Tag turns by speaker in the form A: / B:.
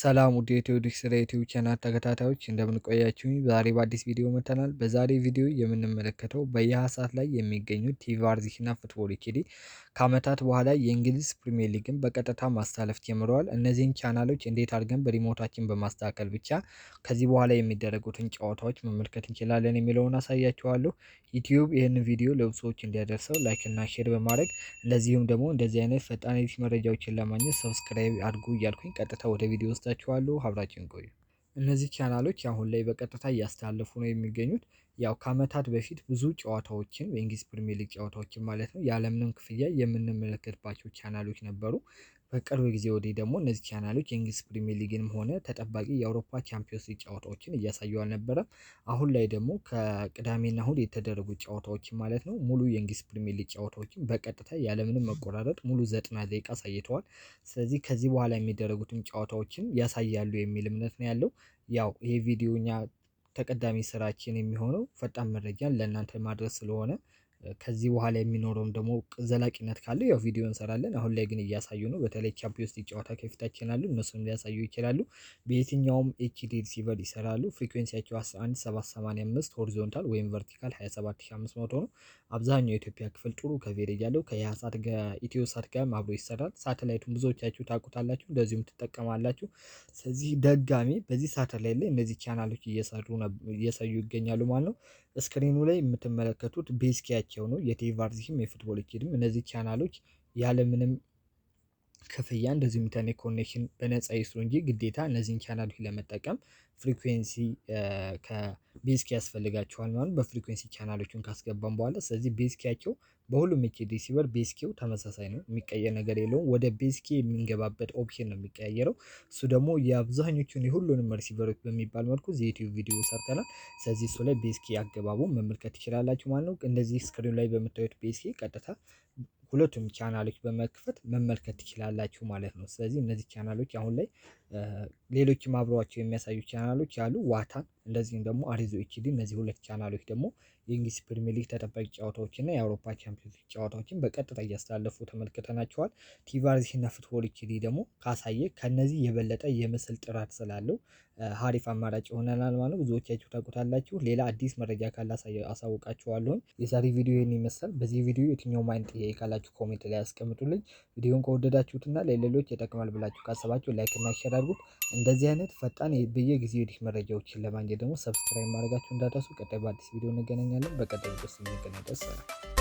A: ሰላም ውድ የቴዎድክስ ስለ ዩቲዩብ ቻናል ተከታታዮች እንደምንቆያችሁ፣ ዛሬ በአዲስ ቪዲዮ መጥተናል። በዛሬ ቪዲዮ የምንመለከተው በየሃያ ሰዓት ላይ የሚገኙት ቲቪ ቫርዚሽና ፉትቦል ኢኬዲ ከዓመታት በኋላ የእንግሊዝ ፕሪሚየር ሊግን በቀጥታ ማስተላለፍ ጀምረዋል። እነዚህን ቻናሎች እንዴት አድርገን በሪሞታችን በማስተካከል ብቻ ከዚህ በኋላ የሚደረጉትን ጨዋታዎች መመልከት እንችላለን የሚለውን አሳያችኋለሁ። ዩቲዩብ ይህንን ቪዲዮ ለብዙዎች እንዲያደርሰው ላይክና ሼር በማድረግ እንደዚሁም ደግሞ እንደዚህ አይነት ፈጣን መረጃዎችን ለማግኘት ሰብስክራይብ አድርጉ እያልኩኝ ቀጥታ ወደ ቪዲዮ ውስጥ እሰጣችኋለሁ። አብራችን ቆዩ። እነዚህ ቻናሎች አሁን ላይ በቀጥታ እያስተላለፉ ነው የሚገኙት። ያው ከአመታት በፊት ብዙ ጨዋታዎችን የእንግሊዝ ፕሪሚየር ሊግ ጨዋታዎችን ማለት ነው ያለምንም ክፍያ የምንመለከትባቸው ቻናሎች ነበሩ። በቅርብ ጊዜ ወዲህ ደግሞ እነዚህ ቻናሎች የእንግሊዝ ፕሪሚየር ሊግንም ሆነ ተጠባቂ የአውሮፓ ቻምፒዮንስ ሊግ ጨዋታዎችን እያሳዩ አልነበረም። አሁን ላይ ደግሞ ከቅዳሜና እሁድ የተደረጉ ጨዋታዎችን ማለት ነው ሙሉ የእንግሊዝ ፕሪሚየር ሊግ ጨዋታዎችን በቀጥታ ያለምንም መቆራረጥ ሙሉ ዘጠና ደቂቃ አሳይተዋል። ስለዚህ ከዚህ በኋላ የሚደረጉትን ጨዋታዎችን ያሳያሉ የሚል እምነት ነው ያለው። ያው ይሄ ቪዲዮ እኛ ተቀዳሚ ስራችን የሚሆነው ፈጣን መረጃን ለእናንተ ማድረስ ስለሆነ ከዚህ በኋላ የሚኖረውም ደግሞ ዘላቂነት ካለው ያው ቪዲዮ እንሰራለን። አሁን ላይ ግን እያሳዩ ነው። በተለይ ቻምፒዮንስ ሊግ ጨዋታ ከፊታችን አሉ። እነሱም ሊያሳዩ ይችላሉ። በየትኛውም ኤችዲ ሪሲቨር ይሰራሉ። ፍሪኩዌንሲያቸው 11785 ሆሪዞንታል ወይም ቨርቲካል 27500 ነው። አብዛኛው የኢትዮጵያ ክፍል ጥሩ ከቬሬጅ ያለው ኢትዮ ሳት ጋር አብሮ ይሰራል። ሳተላይቱን ብዙዎቻችሁ ታውቁታላችሁ፣ እንደዚሁም ትጠቀማላችሁ። ስለዚህ ደጋሚ በዚህ ሳተላይት ላይ እነዚህ ቻናሎች እየሰሩ እየሰዩ ይገኛሉ ማለት ነው። ስክሪኑ ላይ የምትመለከቱት ቤዝኪያቸው ነው። የቴቫርዚህም የፉትቦል ኪድም እነዚህ ቻናሎች ያለምንም ክፍያ እንደዚሁም ኢንተርኔት ኮኔክሽን በነፃ ይስሩ እንጂ ግዴታ እነዚህን ቻናሎች ለመጠቀም ፍሪኩዌንሲ ከ ቤዝኪ ያስፈልጋቸዋል ማለት በፍሪኩዌንሲ ቻናሎችን ካስገባን በኋላ ስለዚህ ቤዝኪያቸው በሁሉም ኤች ዲሲቨር ቤዝኪው ተመሳሳይ ነው፣ የሚቀየር ነገር የለውም። ወደ ቤዝኪ የሚንገባበት ኦፕሽን ነው የሚቀያየረው። እሱ ደግሞ የአብዛኞቹን የሁሉንም ሪሲቨሮች በሚባል መልኩ ዩቲዩብ ቪዲዮ ሰርተናል። ስለዚህ እሱ ላይ ቤዝኪ አገባቡ መመልከት ይችላላችሁ ማለት ነው። እንደዚህ ስክሪኑ ላይ በምታዩት ቤዝኪ ቀጥታ ሁለቱም ቻናሎች በመክፈት መመልከት ትችላላችሁ ማለት ነው። ስለዚህ እነዚህ ቻናሎች አሁን ላይ ሌሎችም አብረዋቸው የሚያሳዩ ቻናሎች ያሉ ዋታን እንደዚህም ደግሞ አሪዞ ኤችዲ። እነዚህ ሁለት ቻናሎች ደግሞ የእንግሊዝ ፕሪሚየር ሊግ ተጠባቂ እና የአውሮፓ ቻምፒዮንስ ሊግ ጨዋታዎችን በቀጥታ እያስተላለፉ ተመልክተናቸዋል። ቲቫርዚ እና ፉትቦል ኤችዲ ደግሞ ካሳየ ከነዚህ የበለጠ የምስል ጥራት ስላለው ሀሪፍ አማራጭ ሆነናል ማለት ነው። ብዙዎቻችሁ ታውቁታላችሁ። ሌላ አዲስ መረጃ ካለ አሳውቃችኋለሁኝ። የዛሬ ቪዲዮ ይህን ይመስላል። በዚህ ቪዲዮ የትኛው ማይን ጥያቄ ካላችሁ ካላችሁ ኮሜንት ላይ ያስቀምጡልኝ። ቪዲዮን ከወደዳችሁትና ለሌሎች ይጠቅማል ብላችሁ ካሰባችሁ ላይክ እና ሼር አድርጉት። እንደዚህ አይነት ፈጣን በየጊዜው የዲሽ መረጃዎችን ለማግኘት ደግሞ ሰብስክራይብ ማድረጋችሁ እንዳትረሱ። ቀጣይ በአዲስ ቪዲዮ እንገናኛለን። በቀጣይ ቪዲዮ የሚገናኝ ደስ